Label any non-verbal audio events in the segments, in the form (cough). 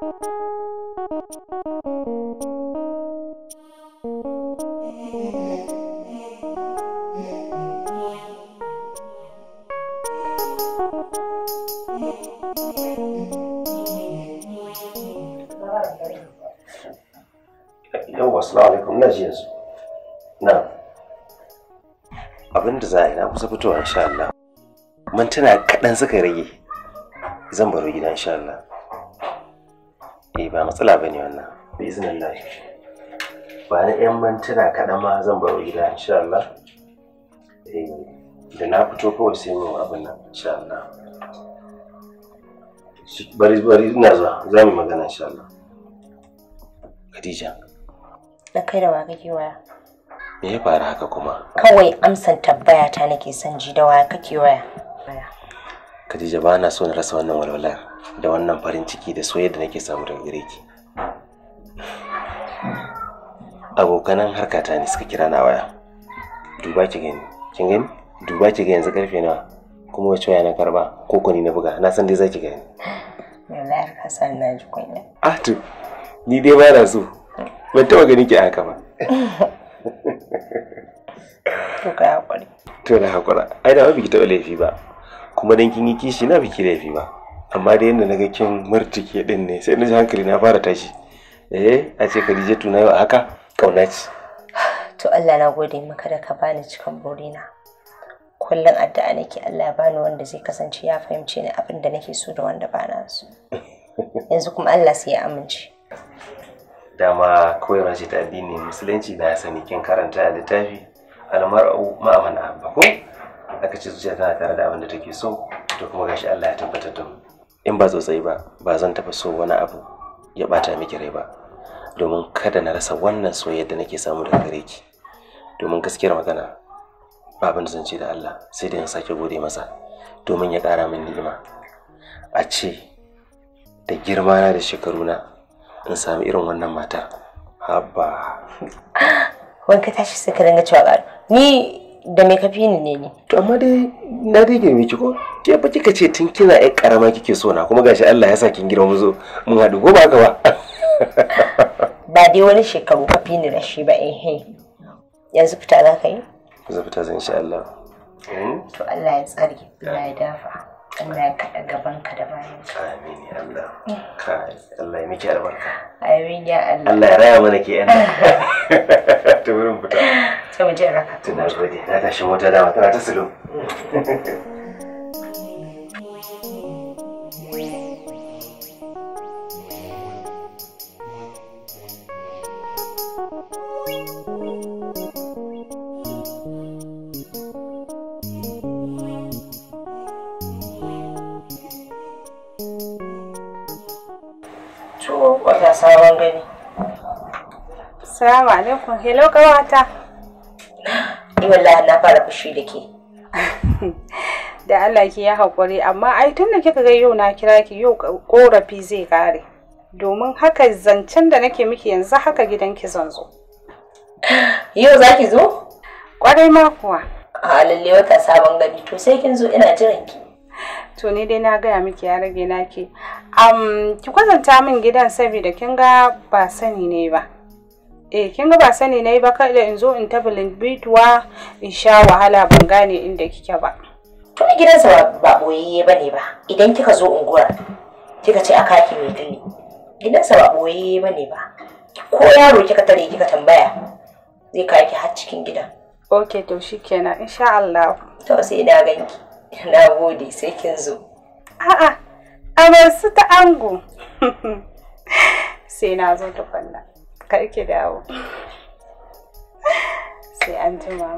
yawwa salamu alaikum na ji yanzu na abin da za a yi na kusa fitowa insha Allah mintuna kaɗan saka rage zan baro gidan insha Allah eh ba matsala ba ne wannan bizinin lafi ni 'yan mantuna kaɗan ma zan baro gida insha Allah eh, da na fito kawai sai mu abin nan insha Allah bari bari ina zuwa za mu magana insha Allah Khadija da kai da wa kake waya me ya faru haka kuma kawai amsan tabbaya ta nake son ji da wa kake waya Khadija ba na so na rasa wannan walwala da wannan farin ciki da soyayya da nake samu daga gare ki. Abokanan harkata ne suka kira na waya. Duba ki gani, kin gani? Duba ki ga yanzu karfe nawa kuma wace waya na karba ko ko ni na buga na san dai ki gani. Wallahi ka san na ji kunya. Ah to ni dai ba na so. Ban taba ganin ki haka ba. (laughs) To ka hakuri. To na hakura. Ai da ba biki taɓa laifi ba. kuma dan kin yi kishi na biki laifi ba amma da yadda naga kin murtike din ne sai naji hankali na fara tashi eh a ce Khadija tuna yau haka kauna ce to Allah na gode maka da ka bani cikin burina kullum addu'a nake Allah ya bani wanda zai kasance ya fahimce ni abin da nake so da wanda bana so (laughs) yanzu kuma Allah sai ya amince dama koyarwa ce ta addini musulunci na sani kin karanta littafi almar'u ma'amana ba ko aka ce zuciya tana tare da abin da take so to kuma gashi Allah ya tabbatar da mu in ba tsotsai ba ba zan taba so wani abu ya bata miki rai ba domin kada na rasa wannan soyayya da nake samu da gare ki domin gaskiyar magana ba abin da da Allah sai da in sake gode masa domin ya ƙara min ni'ima a ce da girma na da shekaruna in sami irin wannan matar haba wanka tashi sai ka dinga cewa ni da me kafi ni ne ni to amma dai na dai girme ki ko ke ba kika ce tun kina ai karama kike so na kuma gashi Allah ya sa kin girma zo mun hadu ko ba haka ba (laughs) ba dai wani shekaru kafi ni da shi ba eh yanzu fita za ka yi Zan fita zan insha Allah hmm? to Allah ya tsare Allah ya dafa Allah ya kaɗa da bayan ka. Amin ya Allah. Mm. Allah ya miki albarka. Amin ya Allah. Allah ya raya mana ke yana. (laughs) Ta wurin fita. Ta raka. Tuna gode. Na tashi mota dama tana ta silo. (laughs) alaikum. Hello kawata. Ni wallahi na fara fushi da ke. (laughs) Da Allah ki ya haƙuri amma ai tun da kika ga yau na kira ki yau korafi zai kare. Domin haka zancen da nake miki yanzu haka gidanki zan zo. Yau za ki zo? Kwarai ma kuwa. A lalle wata sabon gari to sai kin zo ina jiran ki. To ni dai na gaya miki ya rage naki. Um, ki kwazanta min gidan saboda kin ga ba sani ne ba. eh kin ga ba sani nayi ba kada in zo in ta bituwa in sha wahala ban gane inda kike ba tun gidansa ba boyayye bane ba idan kika zo unguwar kika ce aka ki mai dini gidansa ba boyayye bane ba ko yaro kika tare kika tambaya zai kawo ki har cikin gidan ok to shikenan insha Allah to sai da ganki (laughs) na gode sai kin zo a'a a bar su ta ango (laughs) sai na zo ta kwalla. kar ki dawo sai an jima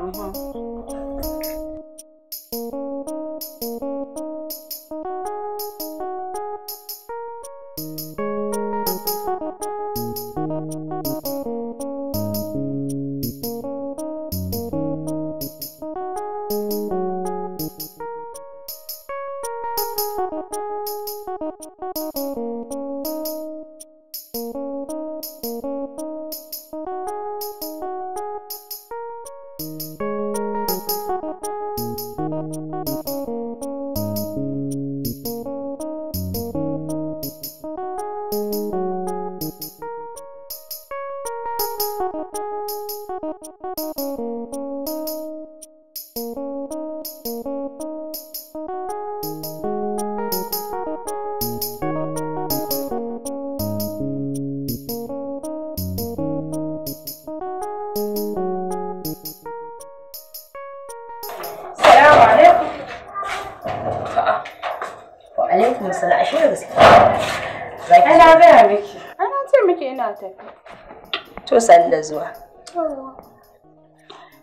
To san da zuwa.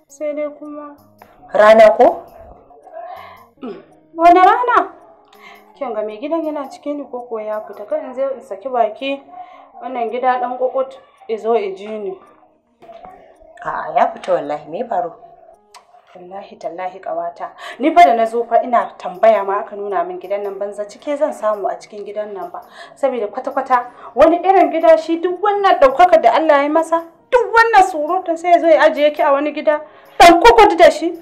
Sai dai kuma. Rana ko? Mm. Wani rana? Kin ga mai gidan yana cikin ni ko ya fita kan in zai in saki baki wannan gida dan kokot izo iji ni. A'a ya fita wallahi me faru? tallahi tallahi kawata ni fa da na zo fa ina tambaya ma aka nuna min gidan nan banza cike zan samu a cikin gidan nan ba saboda kwata kwata wani irin gida shi duk wannan daukakar da Allah ya masa duk wannan surutun sai ya ya ajiye ki a wani gida dan kokot da shi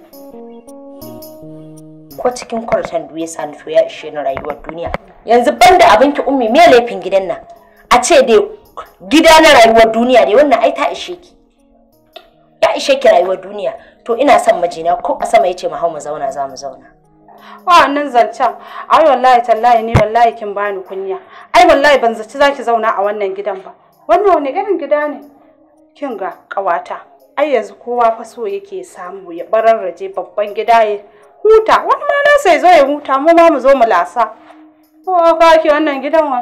ko cikin kwartan ya sani to ya ishe ni rayuwar duniya yanzu banda abin ki ummi me laifin gidan nan a ce dai gida na rayuwar duniya dai wannan ai ta ishe ki ya ishe ki rayuwar duniya to ina son mijina ko a sama yace mu hau mu zauna za mu zauna wannan zancen ai wallahi tallahi ni wallahi kin bani kunya ai wallahi ban zaci zaki zauna a wannan gidan ba wannan wani irin gida ne kin ga kawata ai yanzu kowa fa so yake samu ya bararraje babban gida ya huta wani ma nasa ya zo ya huta mu ma mu zo mu lasa ko ka ki wannan gidan wa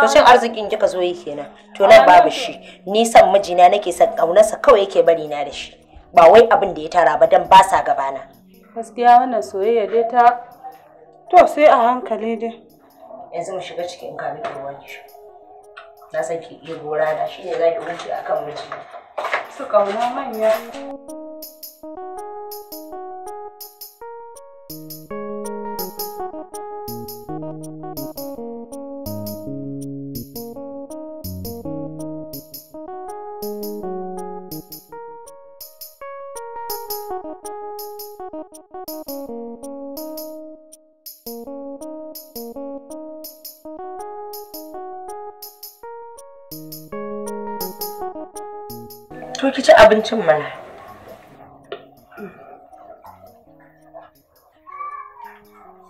to shin arzikin kika zo yake nan to nan babu shi ni san mijina nake san kaunarsa kawai yake bari na da shi ba wai abin da ya tara ba don ba sa gabana gaskiya wannan soyayya dai ta to sai a hankali dai yanzu mu shiga cikin in kami da na san ki iya gora na shine zaki wuce akan miji su kauna manya abincin mana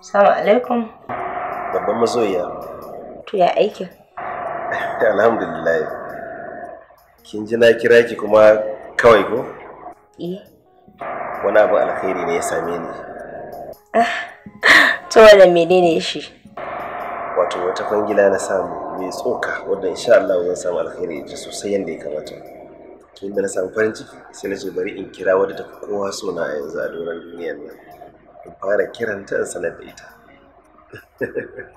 Assalamu alaikum babban mazoya to ya aikin (laughs) alhamdulillah kin ji na kira ki kuma kawai ko eh wani abu alkhairi ne ya same ni ah, (laughs) to wannan menene shi wato wata kwangila na samu mai tsoka wadda insha Allah zan samu alkhairi sosai yadda ya kamata to da na samu farin ciki sai na ce bari in kira wadda ta fi kowa so na yanzu a doron duniyar nan in fara kiranta in sanar da ita (laughs)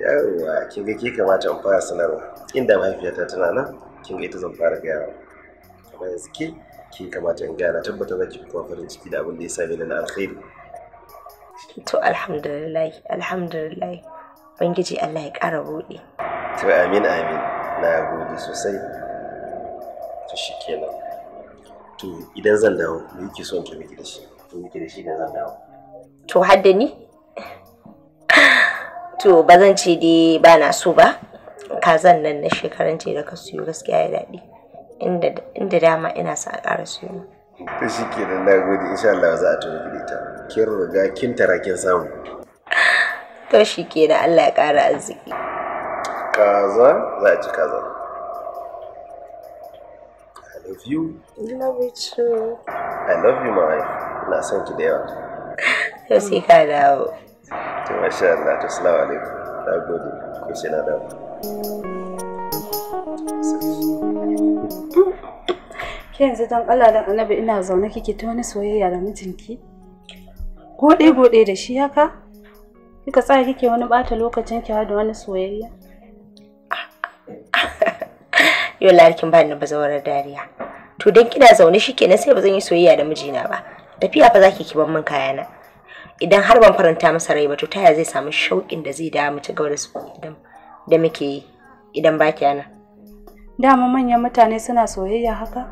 yawwa kin ga ke kamata in fara sanarwa inda mahaifiyata tana nan kin ga ita zan fara gaya amma yanzu ke ke kamata in gaya na tabbata za ki kuma farin ciki da abin da ya same ni na alkhairi to alhamdulillah alhamdulillah ubangiji Allah ya ƙara bude to amin amin na gode sosai to shi kenan to idan zan dawo me yake son ki miki da shi to miki da shi idan zan dawo to hadda ni to ba zan ce dai ba na so ba kazan nan na shekaran ce da ka siyo gaskiya ya daɗi inda dama ina sa a ƙara siyo to shi kenan na gode insha Allah za a tafi miki ta, ita kin riga kin tara kin samu to shi kenan Allah ya ƙara arziki kaza za a ci kaza love you. Love you too. I love you, my Ina son ki da yawa. Yau (laughs) sai ka dawo. To, masha Allah, to salamu alaikum. Na gode, ko sai na dawo. Ke yanzu don Allah don Annabi ina zaune kike ta wani soyayya da mijinki? Gode gode da shi haka? Kika tsaya kike wani bata lokacin ki da wani soyayya? yau larkin ba ni bazawarar dariya to dan kina zaune shi kenan sai ba zan yi soyayya da mijina ba tafiya fa zaki kiban min kayana idan har ban faranta masa rai ba to taya zai samu shauƙin da zai dawo mu ci gaba da su idan da muke yi idan ba dama manyan mutane suna soyayya haka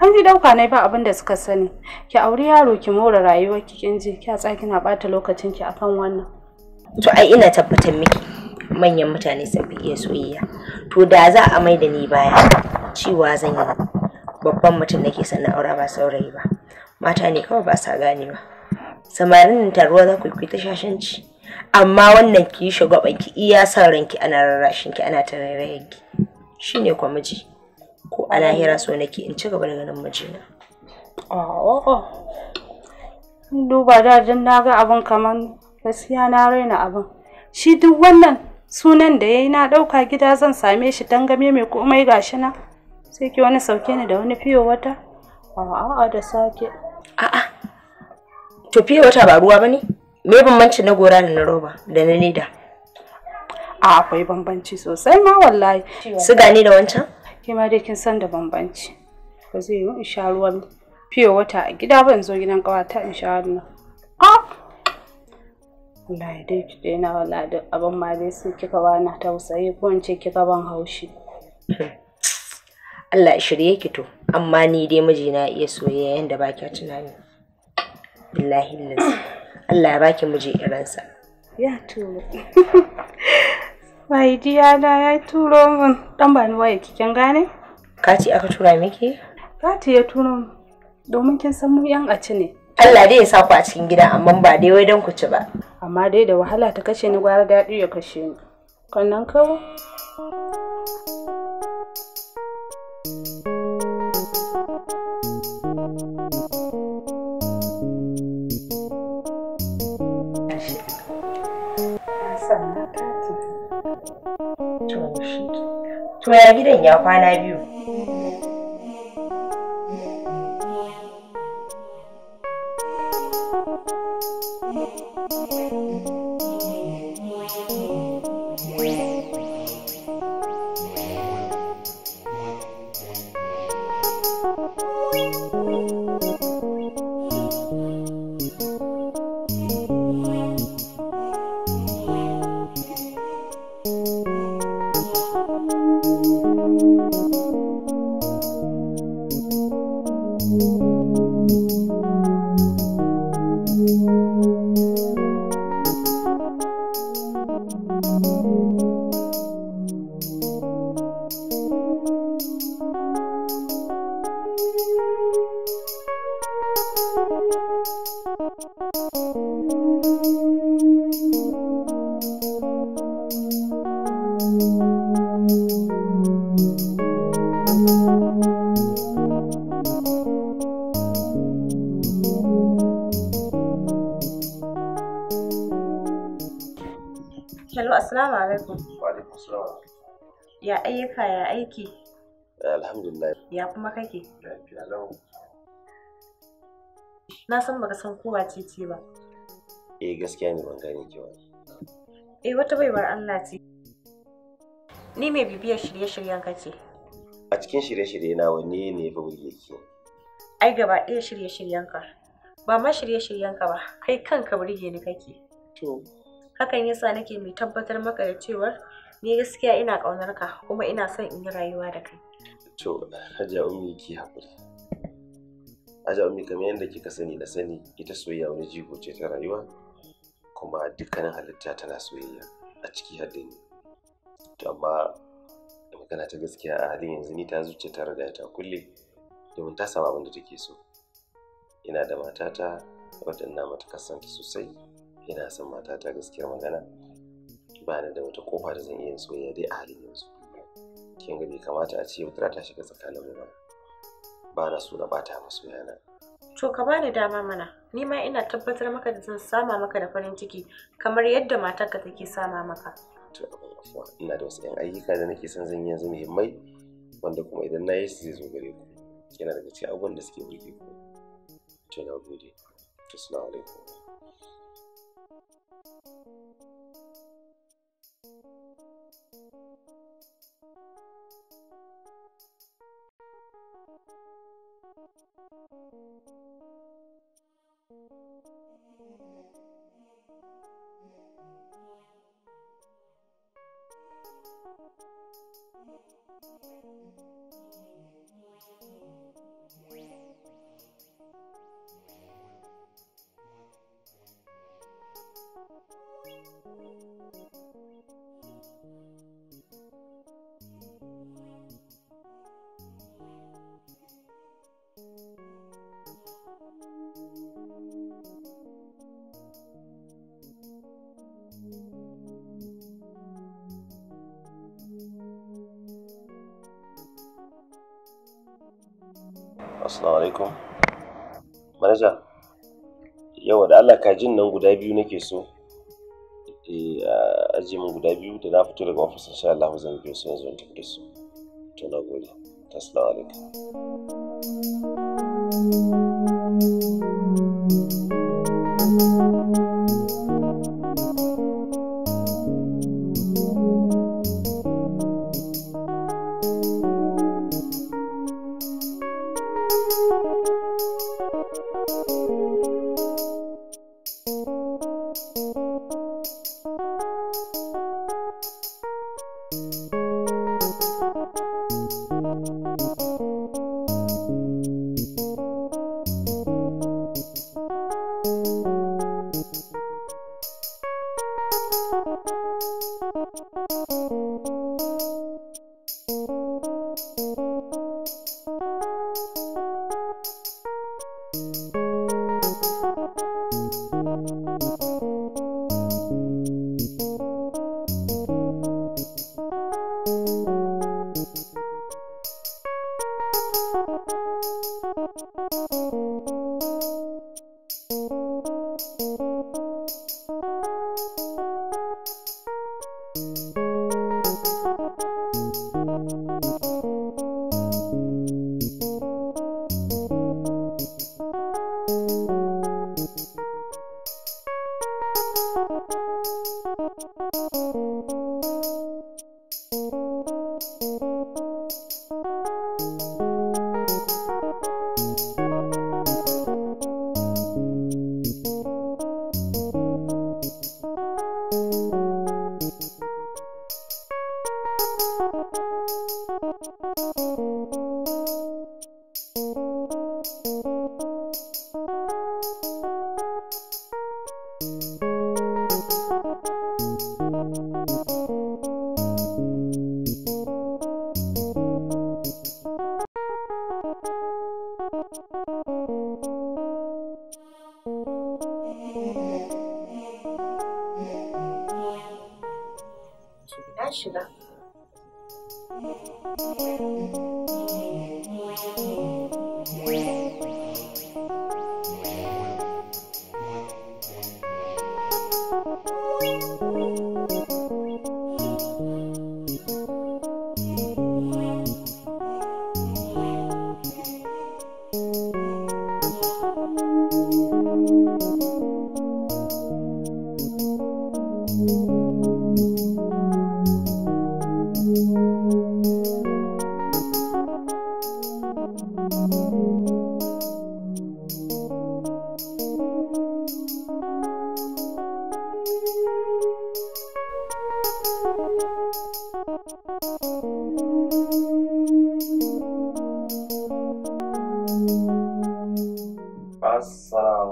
an ji dan ne ba abin da suka sani ki auri yaro ki more rayuwar ki ji ki tsa kina bata lokacin ki akan wannan to ai ina tabbatar miki manyan mutane sun fi iya soyayya to da za a mai da ni baya cewa zan yi babban mutum nake sannan aura ba saurayi ba mata ne kawai ba sa ganewa samarin taruwa za ku yi ta shashanci amma wannan ki shugaban ki iya san ranki ana rarrashin ki ana tarairayen ki shine kwa miji ko a lahira so nake in ci gaba da ganin mijina duba da na ga abin kamar gaskiya na raina abin shi duk wannan sunan da ya yi na ɗauka gida zan same shi dangame mai komai gashi na sai ki wani sauke ni da wani fiyo wata a'a da sake a'a to fiyo wata ba ruwa bane me bambanci na gora da na roba da na leda a akwai bambanci sosai ma wallahi su gane da wancan ke ma dai kin san da bambanci ba zai yi in sha ruwan fiyo wata a gida ba zo gidan kawata in sha ruwa ah! Allah ya dai ki daina wala duk abin ma dai sai kika bani tausayi ko in ce kika ban haushi. (laughs) Allah ya shirye ki to amma ni dai na iya soyayya yanda ba kya tunani. Billahi lillahi. (coughs) Allah ya baki miji irinsa. Ya turo. (laughs) Mai diya na ya turo min dan ba ni waye kin gane? Kati aka tura miki? Kati ya turo min domin kin san mu yan aci ne. Allah dai ya sa ku a cikin gida amma ba dai wai don ku ci ba. Amma dai da wahala ta kashe ni gwara daɗi ya kashe ni. Kannan kawo? To ya gidan ya kwana biyu. Ya ayyuka ya aiki? Alhamdulillah. Ya kuma kake? Na san baka san kowa ce ce ba. Eh gaskiya ne ban gane kewa. Eh wata baiwar Allah ce. Ni mai bibiyar shirye-shiryen kace. A cikin shirye-shirye na wanne ne fa burge ki? Ai gaba ɗaya shirye-shiryenka. Ba ma shirye-shiryenka ba, kai kanka burge ni kake. To. Hakan yasa nake mai tabbatar maka da cewar ni gaskiya ina ƙaunar ka kuma ina son in yi rayuwa da kai to hajiya ummi ki haƙuri hajiya ummi kamar yadda kika sani da sani ita soyayya wani jigo ce ta rayuwa kuma dukkanin halitta tana soyayya a ciki har da ni to amma magana ta gaskiya a halin yanzu ni ta zuciya ta da ta kulle domin ta samu abin da take so ina da matata wadda ina matuƙar sosai ina son matata gaskiyar magana ba da wata kofa da zan iya soyayya dai a halin yanzu kin ga bai kamata a ce wata ta shiga tsakanin mu ba ba na so na bata masu yana to ka bani dama mana ni ma ina tabbatar maka da zan sama maka da farin ciki kamar yadda matarka take sama maka to ina da wasu 'yan ayyuka da nake son zan yi yanzu muhimmai wanda kuma idan na yi su zai zo gare ku yana daga cikin abubuwan da suke burge ku to na gode assalamu alaikum Mm. Assalamu alaikum. Manaja, yau da Allah kajin nan guda biyu nake so. Eh, aje guda biyu da na fito daga ofis insha Allah zan biyo su yanzu da su. To na gode. Assalamu alaikum. Thank you. السلام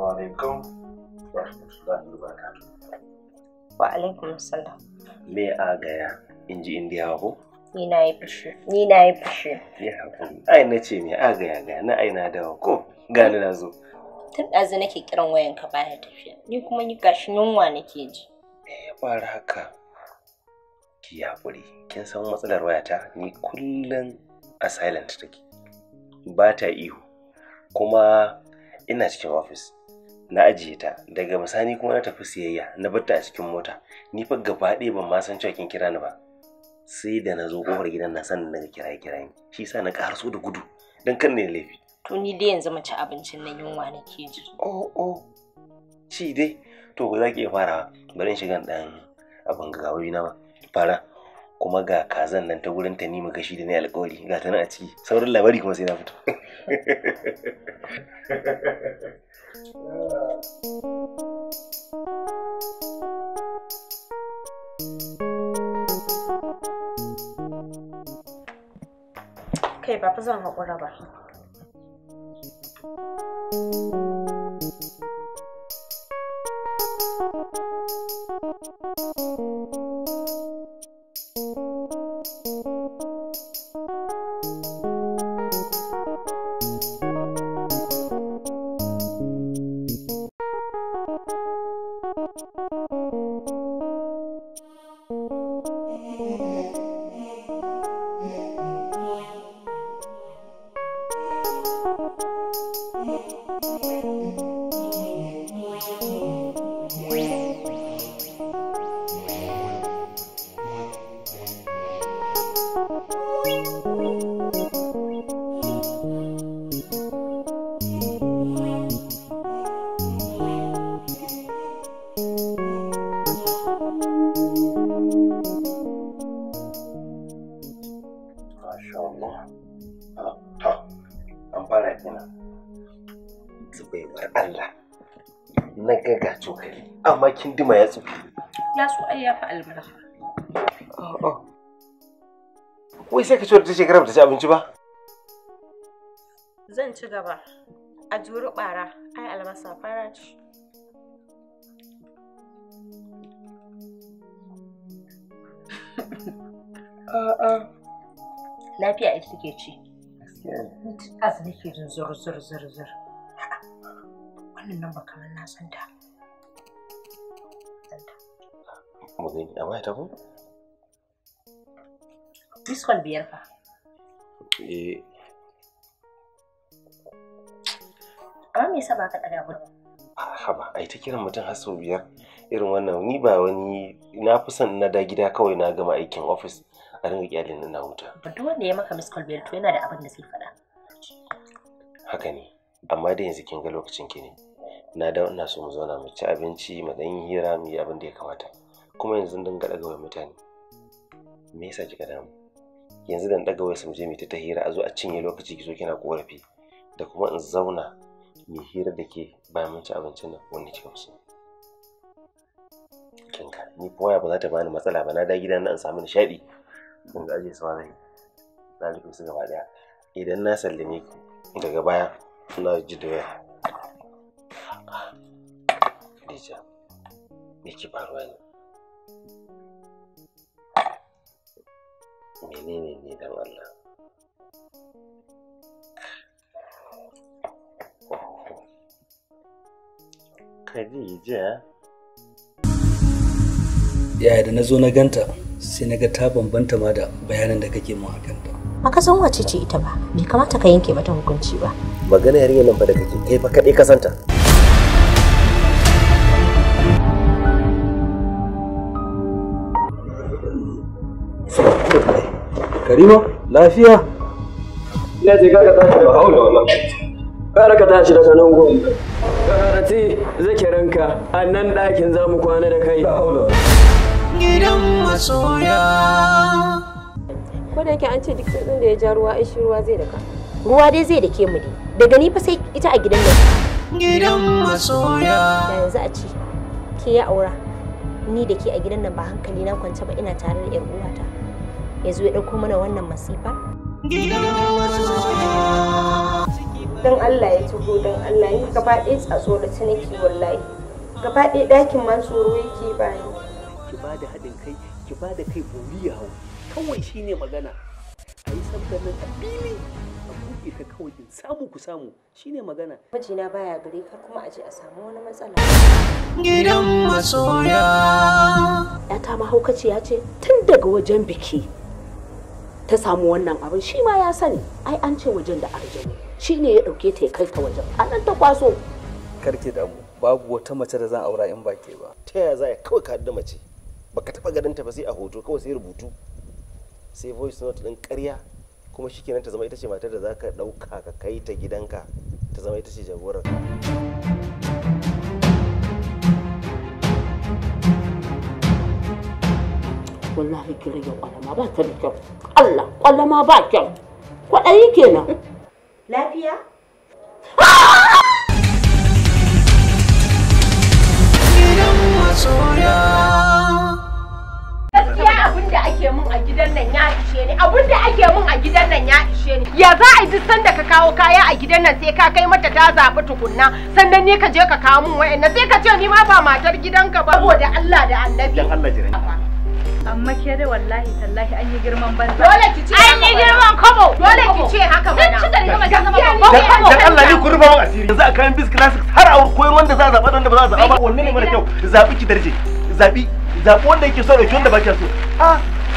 عليكم ورحمة الله وبركاته وعليكم السلام مي آجايا in ji indiyawa ko ni na yi fushi ni na yi fushi ya hakuri ai na ce me a gaya gaya na ai na dawo ko gani na zo tun ɗazu nake kiran wayan ka ya tafiya ni kuma ni gashi yunwa nake ji eh, ya fara haka ki hakuri kin san matsalar wayata ni kullum a silent take ba ta ihu kuma ina cikin ofis na ajiye ta daga misani kuma na tafi siyayya na bar ta a cikin mota ni fa gaba ɗaya ban ma san cewa kin kira ni ba sai da na zo kofar gidan na san daga kiraye kiraye shi yasa na ƙara so da gudu don kan ne laifi to ni dai yanzu mace abincin na yunwa nake ji oh oh shi dai to ba za ki iya fara bari in shiga dan abin gawawi na ba fara kuma ga kazan nan ta gurin ta nima gashi da ni alkawari ga ta nan a ciki Saurin labari kuma sai na fito (laughs) (laughs) ah. kai ba fa zan haƙura ba Thank you. yanzu baiwar Allah na gaga cokali amma kin dima ya tsufi ya tsu ai ya fi albarka wai sai ka ce ta shekara ba ta ci abinci ba zan ci gaba a juri bara ai albasa fara ci lafiya ita ke ci asibiti jin zur zur zur wannan namba kamar na san ta. Mu a waya ta ko? Biskon biyar fa. Eh. Amma me yasa ba ka ɗaga ba? Ah, haba, ai ta kiran mutum har sau biyar irin wannan ni ba wani na fi son na da gida kawai na gama aikin ofis a ringa kyalin na huta. Ba duk wanda ya maka miss Colbert biyar to yana da abin da zai faɗa. Haka ne, amma da yanzu kin ga lokacin ki ne. na dawo ina su mu zauna mu ci abinci mu dan yi hira mu yi abin da ya kamata kuma yanzu dan ga daga mutane me yasa kika damu yanzu dan daga su mu je mu ta hira a zo a cinye lokaci kizo kina korafi da kuma in zauna mu hira da ke bayan mun ci abincin nan wani kika fi kinka ni kuma ya ba za ta bani matsala ba na da gidan nan in samu nishaɗi in ga aje sawa zai na su gaba daya idan na sallame ku daga baya na ji da yawa Khadija, me ke Menene ne Khadija. Yaya da na zo na ganta sai na ga ta bambanta ma da bayanan da kake a akan Ba ka san wace ce ita ba, bai kamata ka yanke mata hukunci ba. Magana yarinya nan ba da kake kai fa kaɗai ka santa. Karima, lafiya? Ina ce kaka tashi ba haula wannan. Kara ka tashi daga nan gon. Karati zikirinka a nan ɗakin za mu kwana da kai. Gidan masoya. Ko da yake an ce duk tsirrin da ya ja ruwa ai shi ruwa zai daka. Ruwa dai zai dake mu ne. Daga ni fa sai ita a gidan nan. Gidan masoya. Da yanzu a ce ke ya aura. Ni da ke a gidan nan ba hankali na kwance ba ina tare da 'yar uwata. ya zo ya ɗauko mana wannan masifa? Don Allah ya tugo don Allah ya gaba ɗaya tsatso da ciniki wallahi. Gaba ɗaya ɗakin man tsoro yake ni. Ki ba da haɗin kai, ki ba da kai buri ya hau. Kawai shi ne magana. A yi sabgar nan a fili. A buɗe ta kawai in samu ku samu shi ne magana. Majina baya gare kar kuma a je a samu wani matsala. Gidan masoya. Ya ta ya ce tun daga wajen biki. ta samu wannan abin shi ma ya sani ai an ce wajen da arjini shi ne ya ɗauke ta ya kai ta wajen a nan ta kwaso karki damu babu wata mace da zan aura in ba ke ba ta yaya za kawai ka da mace baka taba ganin ta ba sai a hoto kawai sai rubutu sai voice note din ƙarya kuma shikenan ta zama ita ce matar da za ka ɗauka ka kai ta gidanka ta zama ita ce jagorar ka wallahi kira yau alama ba ta da kyau Allah ma ba kyau kwaɗayi kenan lafiya gaskiya abin da ake mun a gidan nan ya ishe ni abin da ake mun a gidan nan ya ishe ni ya za a duk sanda ka kawo kaya a gidan nan sai ka kai mata ta zaɓi tukunna sannan ne ka je ka kawo mun wa'annan sai ka ce ni ma ba matar gidanka ba saboda Allah da annabi dan Allah amma ke dai wallahi tallahi an yi girman banza dole ki ce an yi girman kobo dole ki ce haka mana dan da rigama ta zama babban kobo dan Allah ni asiri yanzu a kan bis classics har a koyar wanda za a zaba wanda ba za a zaba ba wanne ne mara kyau zabi ki darje zabi zabi wanda yake so da wanda ba kya so ah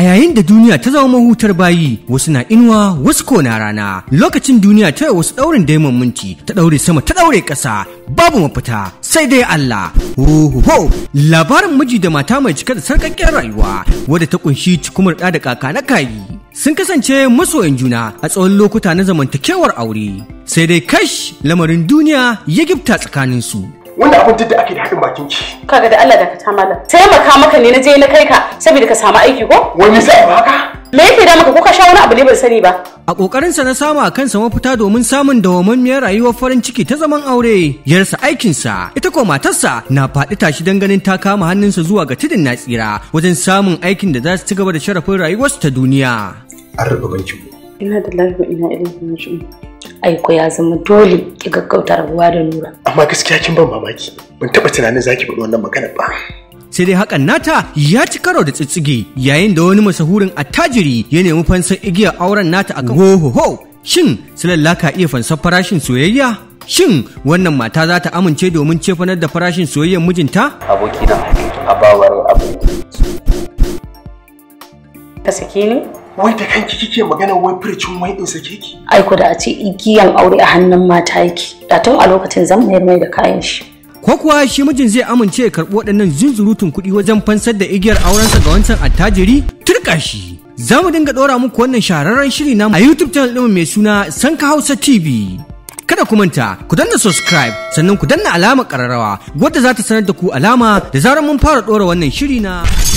A yayin da duniya ta zama mahutar bayi, wasu na inuwa, wasu ko na rana. Lokacin duniya ta yi wasu ɗaurin daimon minti, ta ɗaure sama, ta ɗaure ƙasa, babu mafita, sai dai Allah. Ho Labarin miji da mata mai cika da sarƙaƙƙen rayuwa, wadda ta ƙunshi cikumar ɗa da kaka na kayi. Sun kasance masoyan juna a tsawon lokuta na zamantakewar aure. Sai dai kash lamarin duniya ya gifta tsakaninsu. wanda abin duk ake da haɗin bakin ki kaga da Allah da ka ta malam taimaka maka ne na je na kai ka saboda ka samu aiki ko wani sai ba haka me yake da maka ko ka sha wani abu ne ban sani ba a kokarin sa na samu a kansa mafita domin samun dawwammamiyar rayuwar farin ciki ta zaman aure yarsa aikinsa, ita ko matarsa na faɗi tashi don ganin ta kama hannunsa zuwa ga tudun na tsira wajen samun aikin da za su ci gaba da sharafin rayuwarsu ta duniya an rubuta banki ina da lafiya ina ilimi aiko ya zama dole ki gaggauta rabuwa da nura. Amma gaskiya kin ban mamaki, ban taɓa tunanin zaki faɗi wannan magana ba. sai dai hakan nata ya ci karo da tsitsige yayin da wani masahurin attajiri ya nemi fansar igiyar auren nata a ho shin silalla ka iya fansar farashin soyayya shin wannan mata za ta amince domin cefanar da farashin soyayyar mijinta abokina abawar abokin ka saki ni? wai ta kanki kike magana wai furcin wai din sake ki ai ku da a ce igiyan aure a hannun mata yake da tun a lokacin zan mayar mai da kayan shi ko kuwa shi mijin zai amince ya karɓi waɗannan zunzurutun kuɗi wajen fansar da igiyar aurensa ga wancan attajiri turka shi za mu dinga ɗora muku wannan shahararren shiri na a youtube channel ɗin mai suna sanka hausa tv kada ku manta ku danna subscribe sannan ku danna alamar ƙararrawa wadda za ta sanar da ku alama da zarar mun fara ɗora wannan shiri na